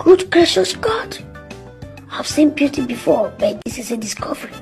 Good gracious God! I've seen beauty before, but this is a discovery.